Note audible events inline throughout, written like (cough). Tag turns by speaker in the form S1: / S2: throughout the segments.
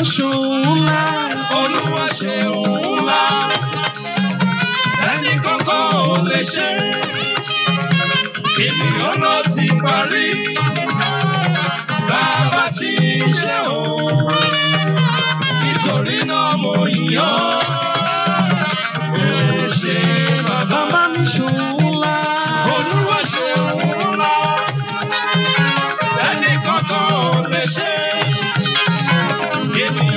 S1: ó ṣòun ńlá olúwa ṣe ńlá ẹni kọ́kọ́ ò lè ṣe ènìyàn ló ti parí bàbá tí ń ṣe òun.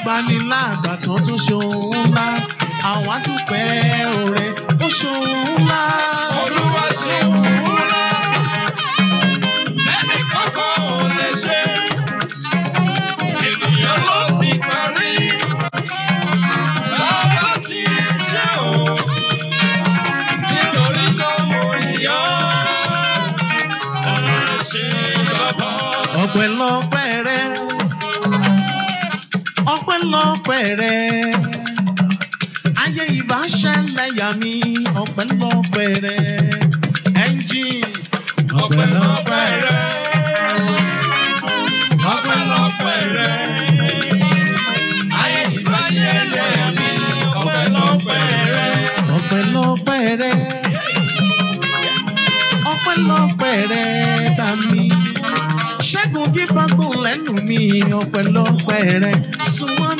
S1: agbanilágbà tán tún ṣe ohun ńlá àwa dúpẹ́ ọ̀rẹ́ ó ṣe ohun ńlá. olúwa ṣe ńlá. rẹ̀. Ayé ìbáṣẹ́lẹ̀ yà mí ọ̀pẹ̀lọpẹ̀ rẹ̀. Ẹ́ńjìn ọ̀pẹ̀lọpẹ̀ rẹ̀. Ọ̀pẹ̀lọpẹ̀ rẹ̀. Ayé ìbáṣẹ́lẹ̀ yà mí ọ̀pẹ̀lọpẹ̀ rẹ̀. Ọ̀pẹ̀lọpẹ̀ rẹ̀. Ọ̀pẹ̀lọpẹ̀ rẹ̀ dà mí ṣẹ́gun bíbá kò lẹ́nu mi ọ̀pẹ̀lọpẹ̀ rẹ̀ sùnwọ́n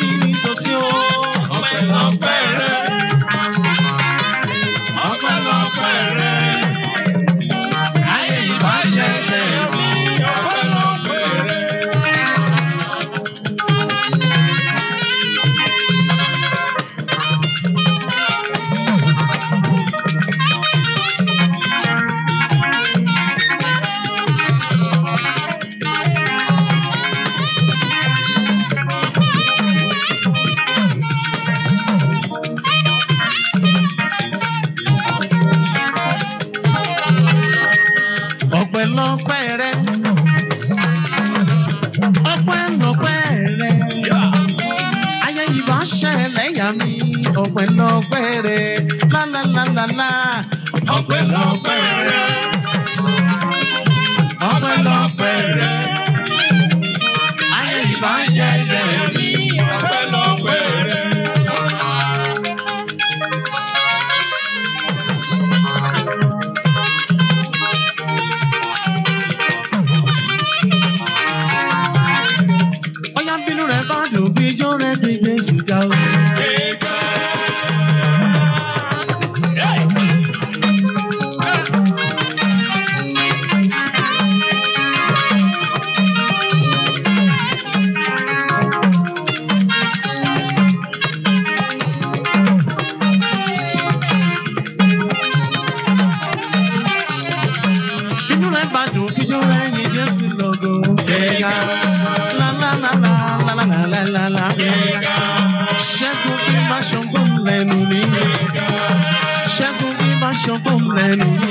S1: ọpẹ́lọpẹ́ rẹ̀ lálálálálá. ọpẹ́lọpẹ́ rẹ̀ ọpẹ́lọpẹ́ rẹ̀ ayé ìbáṣẹ̀lẹ̀ rí ọpẹ́lọpẹ́ rẹ̀. ọyá bínú rẹ̀ bá dùn bíjó rẹ̀ dídé sùgá o. Manu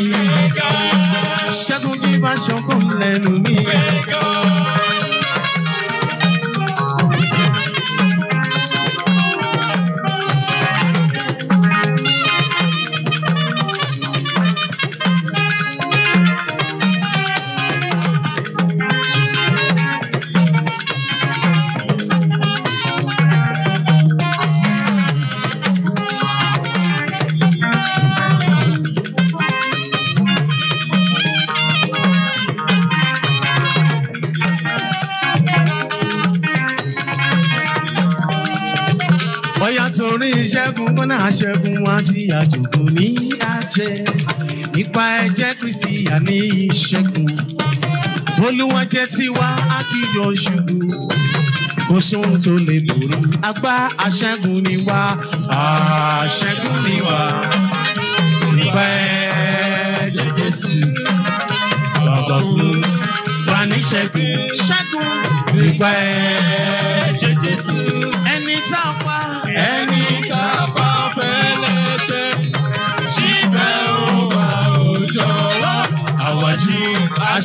S1: bóyá torí ìṣẹ́gun kọ́nà àṣẹgun wọn ti àjòkò ní àjẹ nípa ẹ̀jẹ̀ Kristi àní ìṣẹ́gun Olúwa jẹ́ tiwa a kì yọ ṣubú kò sóhun tó lè lòrú agbá àṣẹgun ni wá àṣẹgun ni wá nípa ẹ̀jẹ̀ Jésù bàbá fún wa ní ṣẹ́gun ṣẹ́gun nípa ẹ̀jẹ̀ Jésù.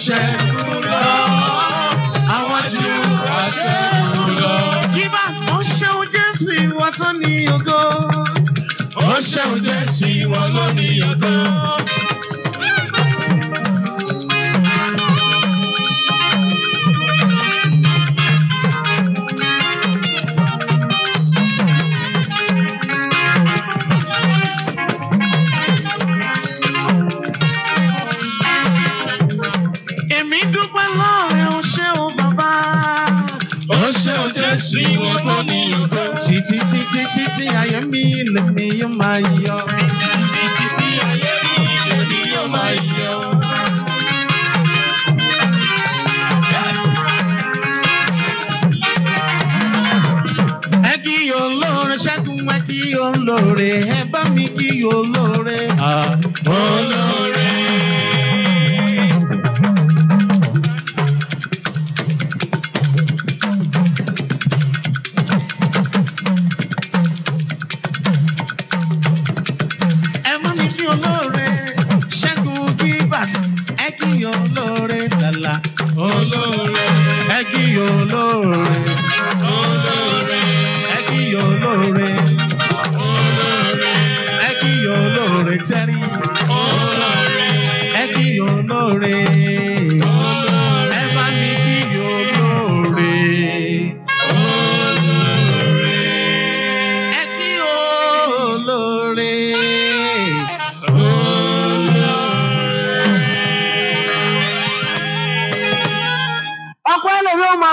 S1: ṣẹ́gun lọ. Àwọn Júù wá ṣẹ́gun lọ. Yíba ó ṣeun Jésù ìwọ tó ní ògo. Ó ṣeun Jésù ìwọ ló ní ògo. Titi tí ayé mi lè ní yóò máa yọ. Titi tí ayé mi lè ní yóò máa yọ. ẹ kí olóore ṣẹ́gun ẹ kí olóore ẹ bá mi kí olóore. Ah, olóore.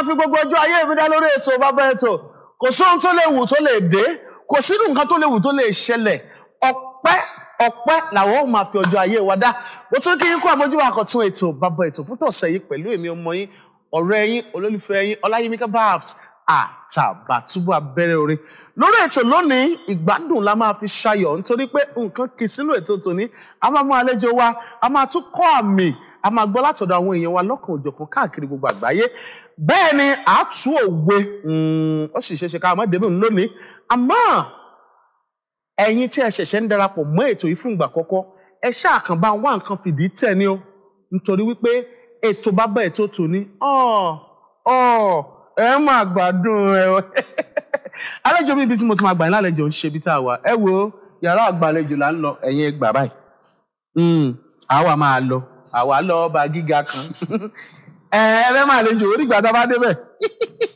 S1: máa fi gbogbo ọjọ́ ayé mi dá lórí ètò bàbá ètò kò sóhun tó lè wù tó lè dé kò sínú nǹkan tó lè wù tó lè ṣẹlẹ̀ ọpẹ́ ọpẹ́ làwọn ò máa fi ọjọ́ ayé wa dá mo tún kí yín kó àmójúwà àkọ́tún ètò bàbá ètò fún tọ̀sẹ̀ yìí pẹ̀lú èmi ọmọ yín ọ̀rẹ́ yín olólùfẹ́ yín ọláyímíkà babs àtàbàtúbú abẹ́rẹ́ orin lórí ètò lónìí ìgbádùn la máa fi ṣayọ̀ nítorí pé nǹkan kì sínú ètò tòní a máa mú àlejò wa a máa tún kọ́ àmì a máa gbọ́ látọ̀dọ̀ àwọn èèyàn wa lọ́kàn òjọ̀kan káàkiri gbogbo àgbáyé bẹ́ẹ̀ ni a tú òwe hmm, ó sì ṣeéṣe ká má débùn lónìí àmọ́ ẹ̀yin tí ẹ ṣẹ̀ṣẹ̀ ń darapọ̀ mọ́ ètò yìí fún ìgbà àkọ́kọ́ ẹ ṣáà kàn bá wá ẹ máa gbádùn ẹ o (laughs) àlejò tí mo ti máa gbà ní ń ṣe tá a wà ẹ wo yàrá àgbàlejò là ń lọ ẹ̀yin gbà báyìí hmm, àwa máa lọ àwa lọ ọba gíga kan (laughs) ẹ ẹ máa lejò tá a bá (laughs)